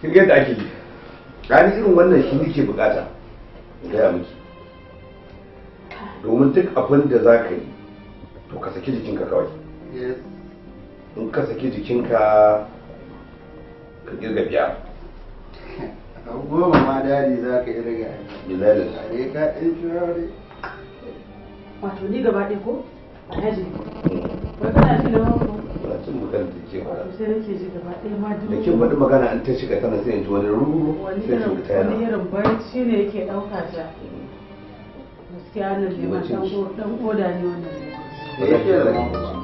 Kin yadda ake yi? Ɗani irin wannan shi nake bukata. Gaya miki. Domin duk abin da za ka yi, to ka saki jikinka kawai. In ka saki jikinka ka girga biya. kan goma ma dadi za ka yi yi bilalin ka ɗin shirare wato ni gaba ɗaya ko alhaji hmm. wai kana jin nawa ko cin magana da ke fara sai nake ji gaba ɗaya ma duk da faɗi magana an ta shiga tana sai in ji wani ruru sai ta wuta yana wani irin barci ne yake ɗauka ta hmm. gaskiya nan ne ma ɗan ne wannan ne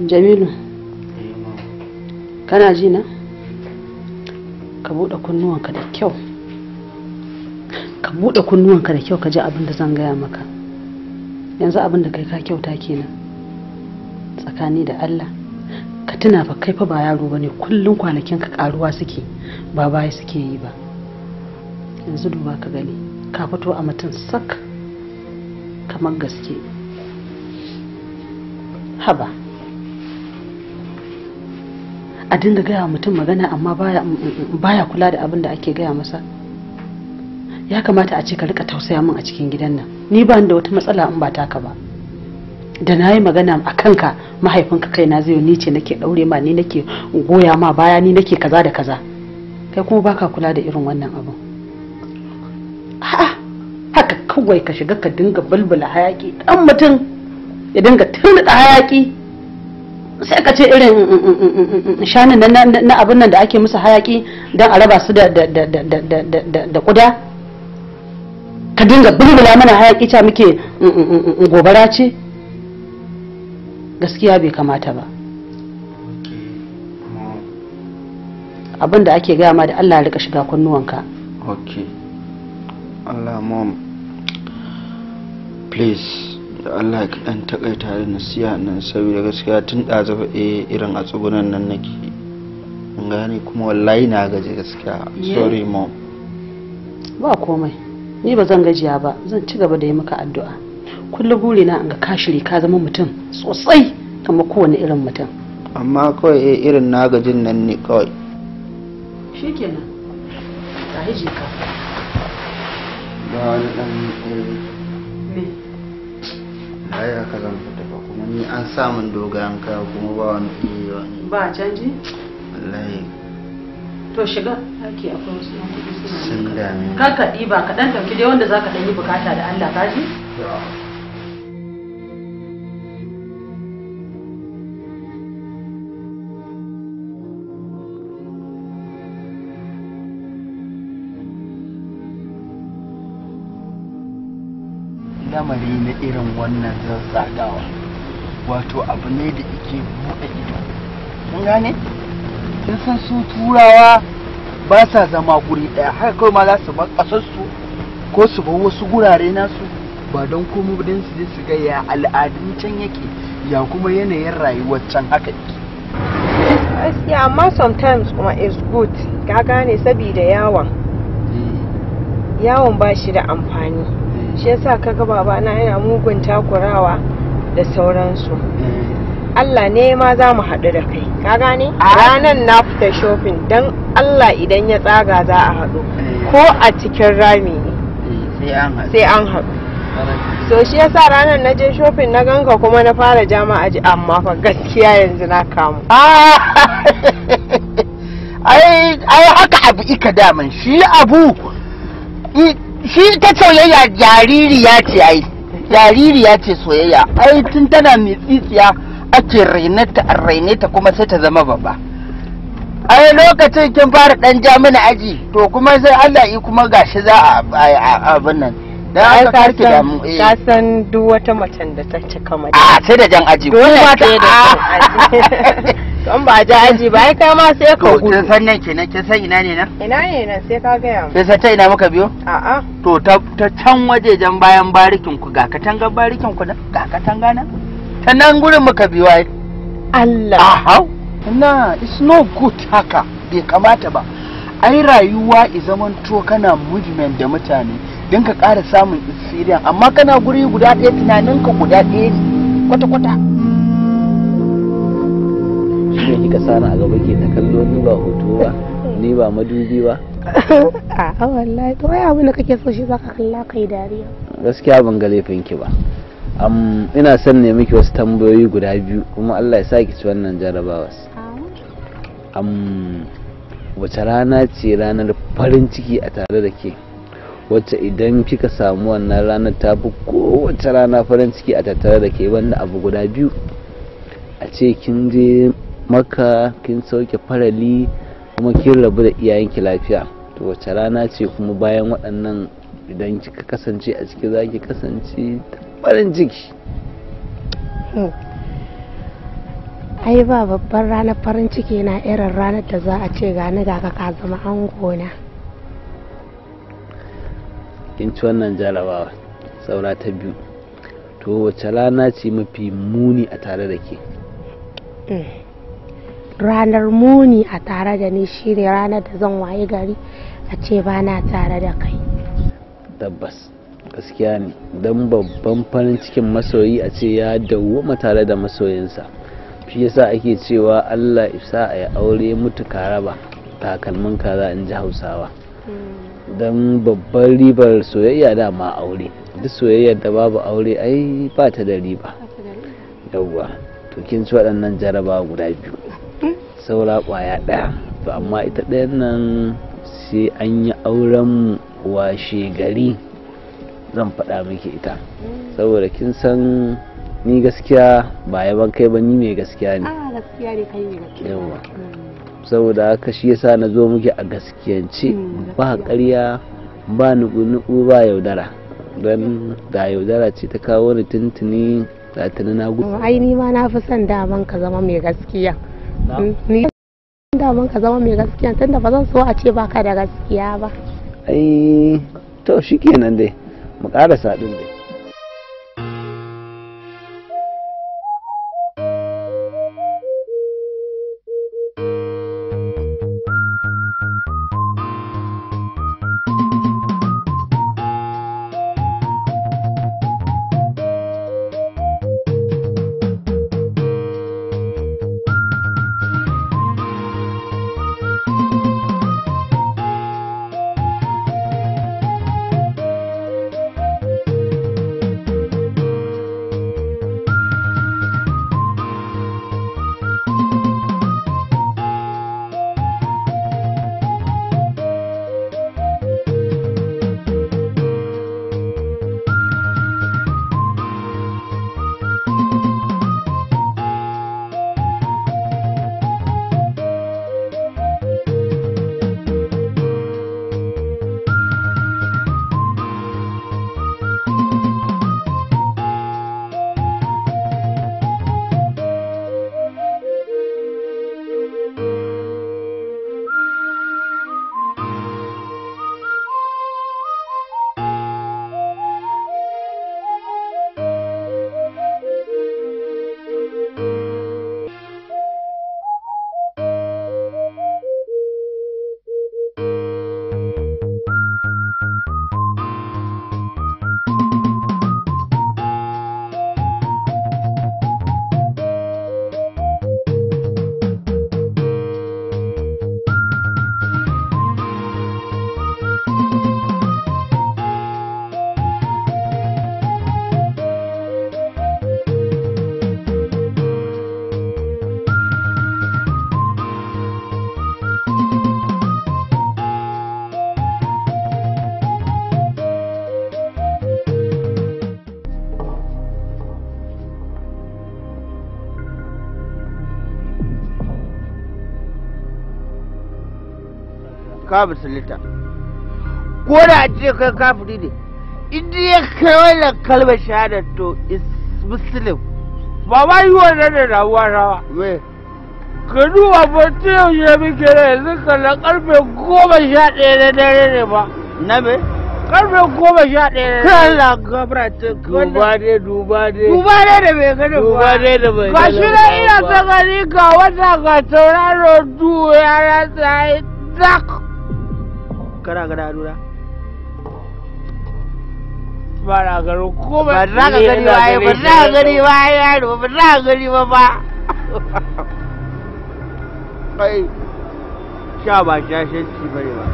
jamilu kana ji na ka buɗe kunnuwanka da kyau ka buɗe kunnuwanka da kyau ka ji abin da zan gaya maka yanzu abin da kai ka kyauta kenan tsakani da allah ka tuna fa kai fa ba yaro bane kullum kwanakin ka karuwa suke ba baya suke yi ba yanzu duba ka gani ka fito a mutum sak kamar gaske haba a dinga gaya mutum magana amma baya kula da abin da ake gaya masa ya kamata a ce ka rika tausaya min a cikin gidan nan ni ba da wata matsala in ba taka ba da na yi magana a kanka mahaifinka kai na zai ni ce nake daure ma ni nake goya ma baya ni nake kaza da kaza kai kuma baka kula da irin wannan abin a'a haka kawai ka shiga ka dinga bulbula hayaki dan mutum ya dinga tunda hayaki sai ka ce irin mm, mm, mm, shanin na abin nan da ake musu hayaki don a raba su da kuda ka dinga bulbula mana hayaki ca muke gobara ce gaskiya bai kamata ba abin da ake gaya ma da allah rika shiga kunnuwanka ok allah mom please da Allah ka ɗan takaita da nasiya nan saboda gaskiya tun ɗazu faɗe eh, irin a tsugunan nan nake in gane kuma wallahi na gaji gaskiya sorry mom ba komai ni ba zan gajiya ba zan ci gaba da yi maka addu'a kullum burina in ga ka shiri ka zama mutum sosai kamar kowane irin mutum amma kawai eh, irin na gajin nan ne kawai shikenan ta hijika ba wani ɗan eh, ya haka zan fita ba kuma ni an samun dogayen ka kuma ba wani iya wani ba canji wallahi to shiga ake akwai wasu yan kuɗi suna dame ka kaɗi ba kaɗan ɗauki dai wanda za ka ɗan yi bukata da Allah ka ji al'amari na irin wannan zazzagawa wato abu ne da ike buɗe ido kun gane sun san su turawa ba sa zama guri ɗaya haka kawai ma za su bar ƙasarsu ko su bar wasu gurare nasu ba don komo don su je su ga ya al'adun can yake ya kuma yanayin rayuwar can haka yake gaskiya amma sometimes kuma is good ka gane sabida yawon eh. yawon ba shi da amfani shi yasa kaga babana yana mugun takurawa da sauransu mm. Allah ne ma za mu haɗu da kai ka gane ah. ranar na fita shopping don Allah idan ya tsaga za a haɗu mm. ko a cikin rami ne eh, sai an haɗu so shi yasa ranar na je shopping na ganka kuma na fara jama ji amma fa gaskiya yanzu na kamu ah! ai haka abu ika daman shi abu shi ta soyayya jaririya ce ai jaririya ce soyayya ai tun tana mai ake rainata a rainata kuma sai ta zama babba ai lokacin kin fara dan ja aji to kuma sai Allah yi kuma gashi za a abin nan da ka rike da mu eh ka san duk wata macen da ta cika mace a ah, sai da jan aji dole sai da aji ah. don ba ja aji ba ai kai ma sai ka gudu kin san nan kenan kin san ina ne nan ina ne nan sai ka ga mu kin san ta ina muka biyo a'a to ta ta can wajejen bayan barikin ku ga katangar barikin ku da ga ka katanga nan ta nan gurin muka biyo ai Allah aha na it's no good haka bai kamata ba ai rayuwa i zaman to kana movement da mutane don ka ƙara samun experience amma kana guri guda ɗaya tunaninka guda ɗaya ne kwata-kwata shi kika sana a gaba ke ta kallo ni ba hoto ba ni ba madubi ba a wallahi to waya abin da kake so shi zaka kalla kai dariya gaskiya ban ga laifin ki ba ina son ne miki wasu tambayoyi guda biyu kuma Allah ya saki ci wannan jarabawa um, wace rana ce ranar farin ciki a tare da ke wacce idan kika samu wannan ranar ta fi kowace rana farin ciki a tattare da ke banda abu guda biyu a ce kin je maka kin sauke farali kuma kin rabu da iyayenki lafiya to wacce rana ce kuma bayan waɗannan idan kika kasance a ciki za ki kasance farin ciki hmm. ai ba babban ranar farin ciki na irin ranar da za a ce gani ga ka zama an gona in ci wannan jarabawa saura ta biyu to wace rana ce mafi muni a tare da ke eh, ranar muni a tare da ni shine ranar da zan waye gari a ce ba na tare da kai tabbas gaskiya ne don babban farin cikin masoyi a ce ya dawwama tare da masoyinsa shi yasa ake cewa allah isa a ya aure mutu karaba takalmin kaza in ji hausawa don babban ribar soyayya dama aure duk soyayyar da babu aure ai ba ta da riba yawwa to kin ci waɗannan jaraba guda biyu saura ƙwaya ɗaya to amma ita ɗayan nan sai an yi auren washe gari zan faɗa miki ita saboda kin san ni gaskiya ba yaban kai ba ni mai gaskiya ne ah, saboda haka shi yasa na zo muke a gaskiyance hmm, ba ƙarya ba guni ba yaudara don da yaudara ce ta kawo ni tuntuni da tuni na gudu ai ni ma na fi son daman ka zama mai gaskiya hmm, ni daman ka zama mai gaskiya tunda ba zan so a ce baka da gaskiya ba ai to shikenan dai mu ƙara saɗin dai ka musulunta ko da a ce kai kafiri ne Idan ya kai wannan kalmar shahada to is muslim ba ma yi wannan da rawa rawa ka duba bacci yaushe muke da yanzu kalla karfe goma sha ɗaya na dare ne ba na me karfe goma sha ɗaya na kalla gabra ta duba dai duba ne duba ne da bai gani duba dai da ga shi na ina ta gani ga wata ga tauraro duwa ya rasa ya dak gara ado na ba na garo ko ba za ka gani ba ai ba za ka gani ba ai yaro ba za ka gani ba ba kai sha ba shashanci bane ba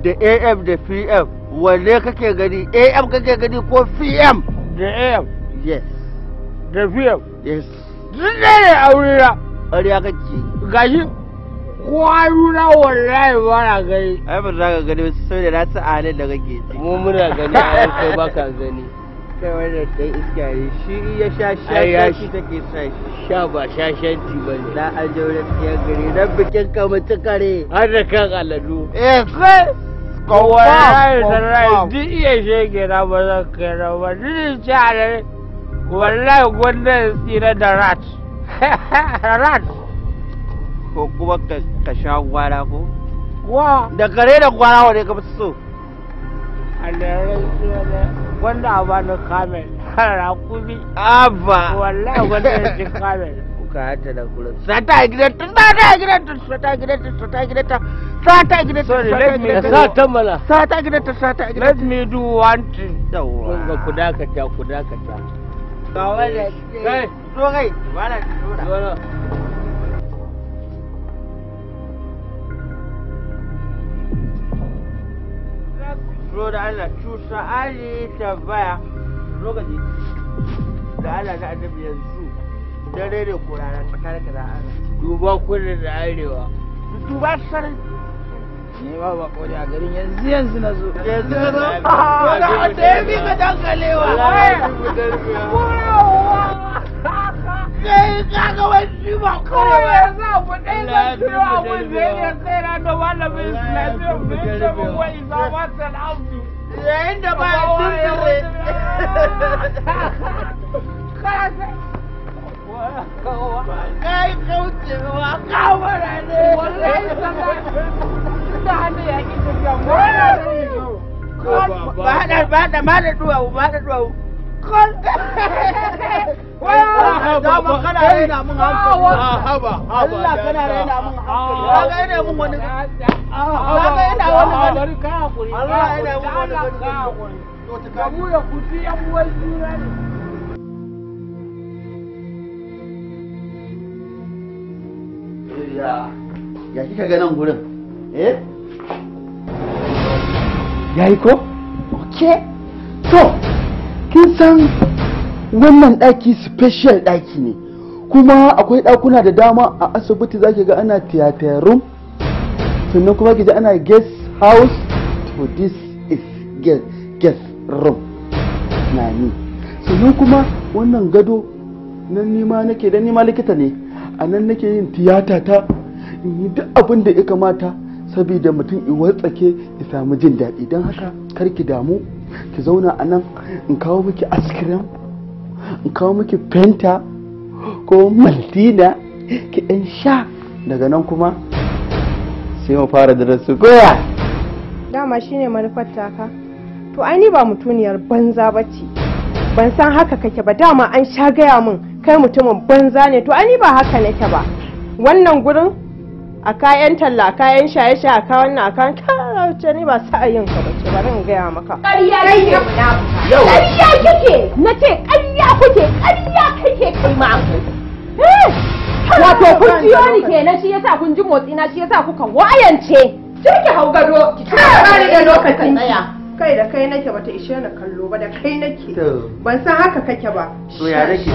da am da pm wanne kake gani am kake gani ko pm da am yes da pm yes duk ne aure na ƙarya kake gashi kwaruna wallahi ba na gani ai ba za ka gani ba saboda na ta halin da kake ji mu muna gani ai kai ba ka gani kai wannan dai iska ne shi ya sha sha shi take shi. sha ba sha shanti ba ne na an jaure tsiyar gari dan bikin ka mutu kare har da kan aladu eh kai kowa ya sarai duk iya shege na ba zan kai na ba duk ya wallahi gwanda tsira da rat rat ko kuma ka sha gwara ko wa da kare da gwara wane ka fi so a lera wanda a ba na kamel rakumi abba wallahi wanda ya ci kamel kuka hata da kula sata a gidan tun sata a gidan tun sata a gidan tun sata a gidan tun sata a gidan tun sata a gidan tun sata mana sata a gidan tun sata a gidan let me do sata thing yawa ku dakata ku sata kawai da eh, kai eh, zo kai sata gid zo da Allah cusa ali tambaya zo ga je da Allah da annabi yanzu dare da kurara tsakanin ka da Allah duba kullun da arewa duba sarin ne ba ba kodi a garin yanzu yanzu na zo yanzu na zo wani a da ya bi ka dankalewa kai ka wani ba kawai ya za ku ɗaya zan ciwo da ya kai na da malamin islamiyya mai sabon wai ba wata al'abdu da ba da hannu ya ki tafiya ba da ba da ba da duwawu da duwawu dama kana raina mun hankali haba haba Allah kana raina mun hankali kaga ina mun wani kaga ina wani gani bari ka hakuri Allah ina mun wani gani ka hakuri to ta ya kika ga gurin eh yayi ko okay to kin san wannan ɗaki special ɗaki ne kuma akwai ɗakuna da dama a asibiti zaki ga ana theater room sannan kuma ji ana guest house to this is guest room na ni sannan kuma wannan gado nan nima nake dan nima likita ne a nan nake yin tiyata ta in yi duk abin da ya kamata saboda mutum in watsake ya samu jin daɗi don haka kar ki damu ki zauna a nan in kawo miki askirin in kawo miki fenta ko maltina ki ɗan sha daga nan kuma sai mu fara darasu goya dama shine manufar taka to ai ni ba mutuniyar banza bace ban san haka kake ba dama an sha gaya min kai mutumin banza ne to ai ni ba haka nake ba wannan gurin a kayan talla a kayan shaye-shaye a kayan na wuce ce ni ba sa yin ka bace bari in gaya maka ƙarya kike ƙarya kike na ce ƙarya kuke ƙarya kike kai ma wato eh, kun jiyo ni kenan shi yasa kun ji motsi na shi yasa kuka wayance ki hau gado ki tsaya ni da lokacin ki kai da kai nake bata ishe na kallo ba da kai nake ban san haka kake ba to ya nake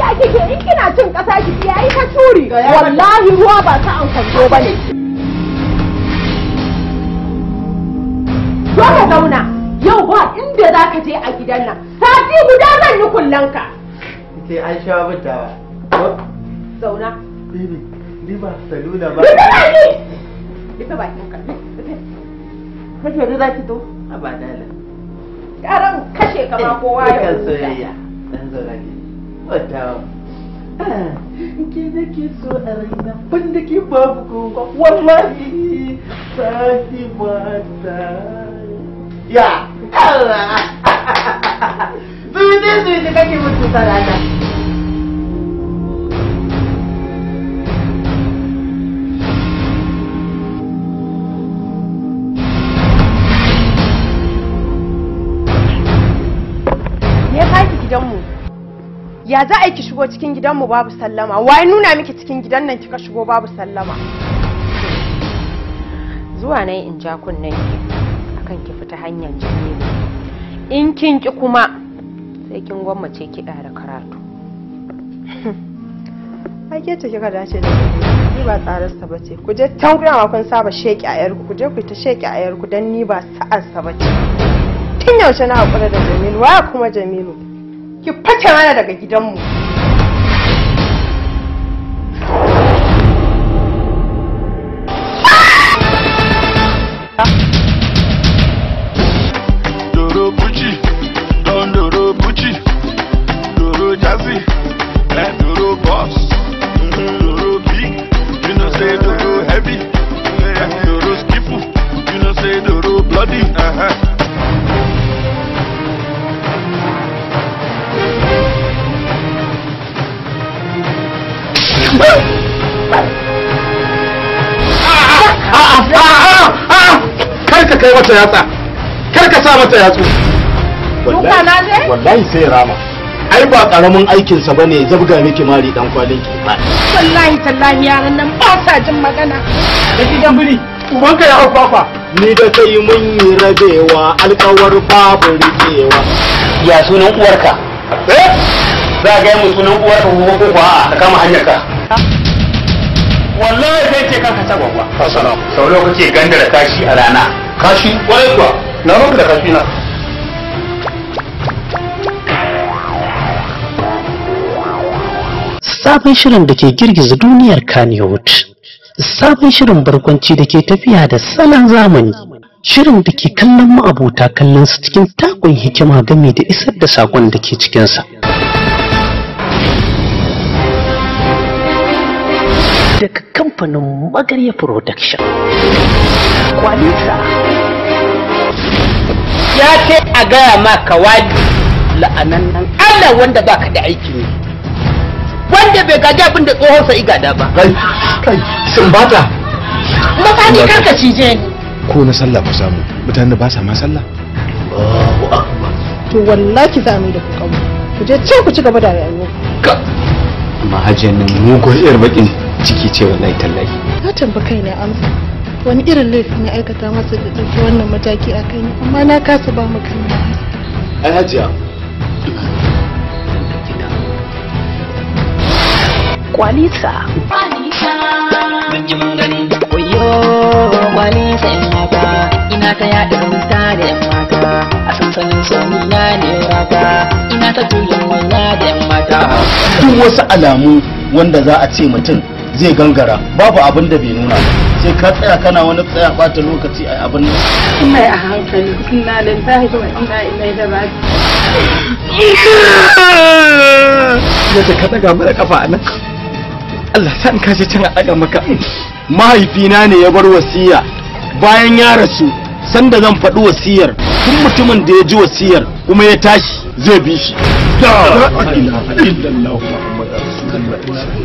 ya kike in kina cin kasa ki yayi ta turi wallahi ruwa ba ta an ba bane zo ka zauna yau ba inda za ka je a gidan nan sati guda zan yi kullanka sai an sha ba zauna bibi ni ba ta nuna ba ita ba ni ita ba kin kalli kake da zaki to a ba dala karan kashe kama kowa ya kan soyayya dan zauna ki batawa ke nake so a raina ban da ke babu kowa wallahi sahiba mata ya za a yi ki shigo cikin gidanmu babu sallama Wai nuna miki cikin gidan nan kika shigo babu sallama zuwa na in ja kunnen ki akan ki fita hanyar jini in kin ki kuma sai kin gwammace kiɗa da karatu ake ce kika dace da ni ba tsararsa ba ce ku je can kuna kun saba sheƙi a yarku ku je ku ta sheƙi a yarku don ni ba sa'arsa ba ce tun yaushe na haƙura da jamilu wa kuma jamilu ki fata mana daga gidanmu mata yatsa kar ka sa mata yatsu duka na je wallahi sai rama ai ba karamin aikin sa bane zabga miki mari dan kwalin ki wallahi tallahi yaran nan ba sa jin magana da gidan biri ka ya hau kwakwa ni da kai mun yi rabewa alkawar babu rikewa ya sunan uwarka eh za ga mu sunan uwarka ko ko ta kama hanyar ka wallahi sai ce kanka ta gwagwa assalamu sau lokaci gandara tashi a rana kashi kwarai kuwa na ruwanka da kashi na sabon shirin da ke girgiza duniyar Kannywood, sabon shirin barkwanci da ke tafiya da salon zamani, shirin da ke kallon ma'abuta kallon su cikin takon hikima game da isar da sakon da ke cikinsa. kamfanin magarya production kwalita ya ce a gaya ma kawali la'anan nan allah wanda baka da aiki ne wanda bai gaji abin da tsohon sa igada ba kai kai sun bata mafani karka cije ni ko na sallah ba samu mutane ba sa ma sallah to wallahi za mu da ku kawo ku je ce ku ci gaba da rayuwa ka amma hajiyar nan mugun irin bakin ciki ce wallahi tallahi ka tamba kaina amsa wani irin laifi ne aikata masa da ɗauki wannan mataki a kai amma na kasa ba mu kan ai hajiya kwalisa kwalisa in mata ina ta yaɗa zuta da yan mata a sansanin sami na ne rata ina ta tuyin wanya da yan mata duk wasu alamu wanda za a ce mutum zai gangara babu abin da bai nuna sai ka tsaya kana wani tsaya bata lokaci a abin nan ina a hankali ina lillahi wa ina ilaihi raji'un ka daga mana kafa a nan Allah san ka can a daga maka mahaifina ne ya bar wasiya bayan ya rasu sanda zan faɗi wasiyar tun mutumin da ya ji wasiyar kuma ya tashi zai bi shi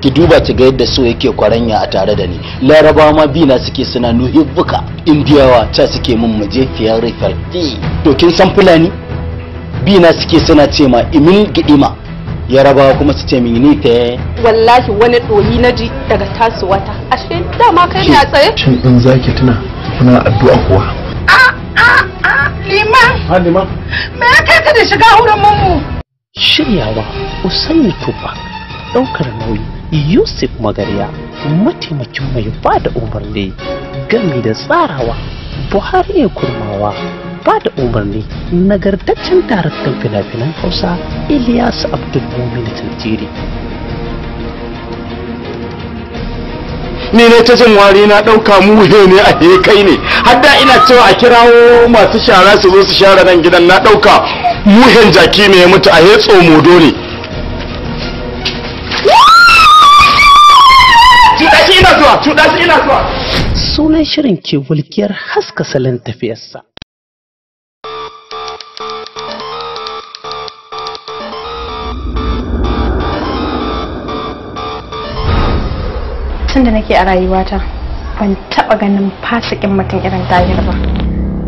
ki duba ki ga yadda so yake kwaranya a tare da ni larabawa ma na suke suna nuhibbuka indiyawa ta suke min muje fiyar rifarki to kin san fulani bina suke suna ce ma imin gidima yarabawa kuma su ce min ni ta wallahi wani doyi na ji daga tasuwata ashe dama kai ne a tsaye shin in zaki tuna kuna addu'a kuwa a a a liman ha me ya kai ka da shiga wurin mamu shiryawa usaini tufa ɗaukar nauyi yusuf magarya mataimakin mai bada umarni gami da tsarawa buhari ya kurmawa ba umarni nagartaccen daraktan fina-finan hausa ilyas abdulmumin tanjiri ni ne ta jin wari na ɗauka muhe ne a kai ne hadda ina cewa a kirawo masu shara su zo su share nan gidan na ɗauka muhen jaki mai ya mutu a hetso modo ne ina zuwa sunan shirin ke walƙiyar haska salon tafiyarsa tun da nake a rayuwata ban taɓa ganin fasikin mutum irin tahir ba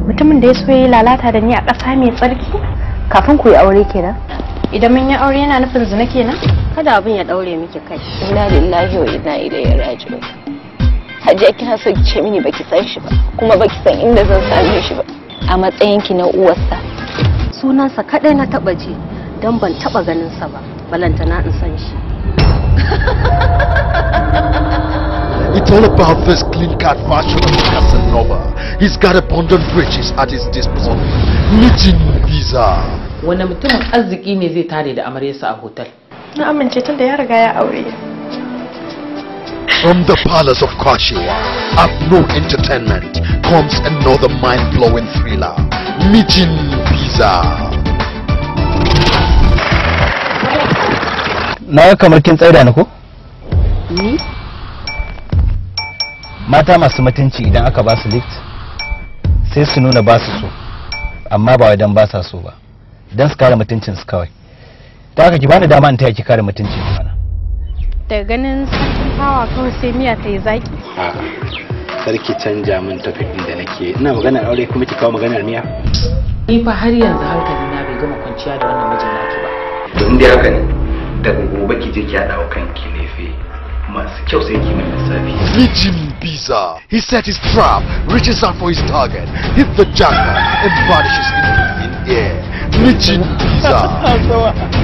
mutumin da ya so yi lalata da ni a ƙasa mai tsarki kafin ku yi aure kenan idan mun yi aure yana nufin zina kenan kada abin ya ɗaure miki kai inna lillahi wa inna ilaihi raji'un hajiya kina so ki ce mini baki san shi ba kuma baki san inda zan same shi ba a matsayin ki na uwarsa sunansa kadai na taba ji dan ban taba ganin sa ba na in san shi It's all about this clean-cut of Casanova. He's got abundant riches at his disposal. Meeting visa. Wani mutumin arziki ne zai tare da amaryarsa a hotel? Na amince tun da ya riga ya aure. From the palace of Kashiwa, Abno Entertainment comes another mind-blowing thriller, Mijin Pizza." Na kamar kin tsada ni ko? Mata masu mutunci idan aka ba su lift sai su nuna ba su so, amma ba wai dan ba sa so ba, dan su kare su kawai. Ta haka ki bani dama in taya ki kare mutuncin mana. da ganin sarkin hawa kawai sai miya ta yi zaki sarki canja min tafiɗi da nake ina maganar aure kuma ki kawo maganar miya ni fa har yanzu hankali na bai gama kwanciya da wannan mijin naki ba to inda haka ne daga gobe ki je ki haɗa wa kanki lefe masu kyau sai ki mai lissafi Mijin biza he set his trap reaches out for his target hit the jackpot and vanishes into the air Mijin Biza.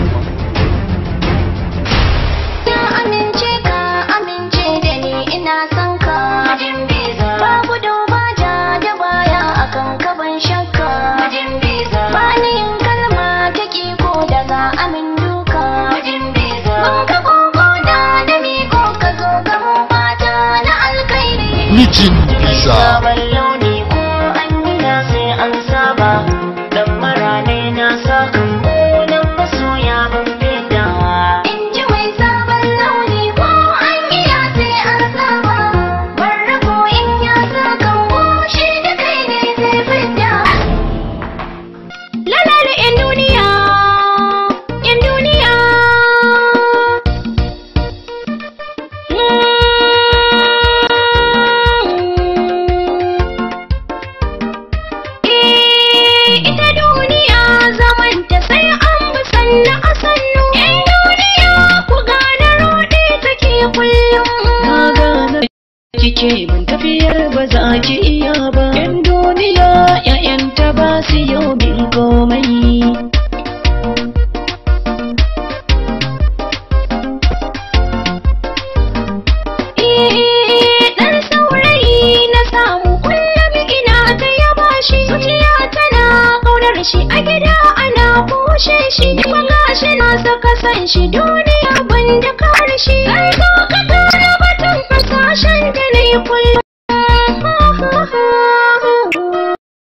金披萨。